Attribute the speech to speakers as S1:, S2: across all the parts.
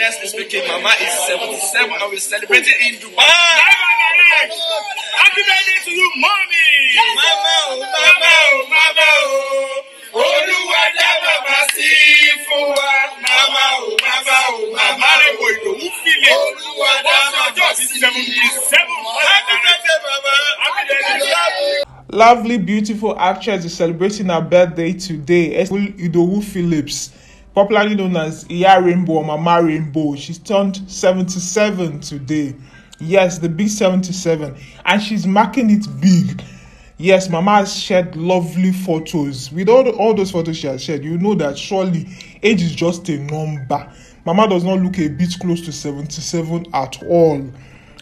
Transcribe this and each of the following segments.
S1: honestly speaking, Mama is 77 and we're celebrating in Dubai. Happy birthday to you, Mommy! Mama, mama, oh, Mama, oh, Mama, oh. Olúwa dá bàbá mama, fún wa. Màmá Mama, màmá o, màmá rẹ̀ wò ìdòwú fìlè. Olúwa dá bàbá sí fún wa. Happy birthday, Mama. Happy birthday. Lovely, beautiful actress is celebrating her birthday today. Idowu Phillips. popularly known as Iya Rainbow or Mama Rainbow. She's turned 77 today. Yes, the big 77. And she's marking it big. Yes, Mama has shared lovely photos. With all, the, all those photos she has shared, you know that surely age is just a number. Mama does not look a bit close to 77 at all.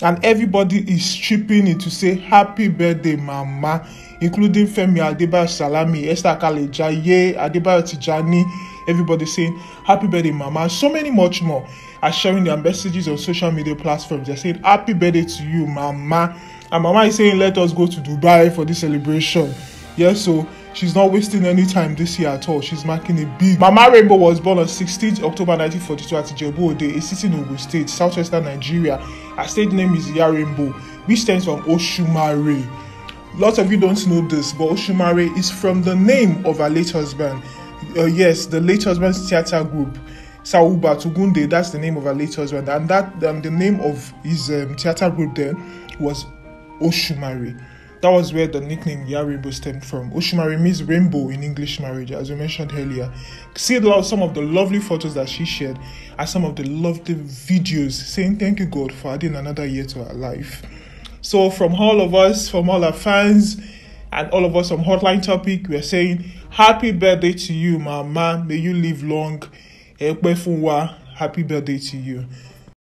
S1: And everybody is chipping in to say happy birthday, Mama, including Femi Adebayo Salami, Esther Kalejaye, Adebayo Tijani, everybody saying happy birthday mama and so many much more are sharing their messages on social media platforms they're saying happy birthday to you mama and mama is saying let us go to dubai for this celebration yeah so she's not wasting any time this year at all she's marking a big mama rainbow was born on 16th october 1942 at ijebu ode a city in ogun state southwestern nigeria her stage name is iya rainbow which stems from oshumare lots of you don't know this but oshumare is from the name of her late husband uh, yes, the late husband's theater group. Sauba Tugunde, that's the name of her late husband, and that um, the name of his um, theater group then was Oshumari. That was where the nickname Yarimbo stemmed from. Oshumari means rainbow in English marriage, as we mentioned earlier. See some of the lovely photos that she shared and some of the lovely videos saying thank you God for adding another year to her life. So from all of us, from all our fans, and all of us on Hotline Topic, we are saying happy birthday to you, mama. May you live long. Happy birthday to you.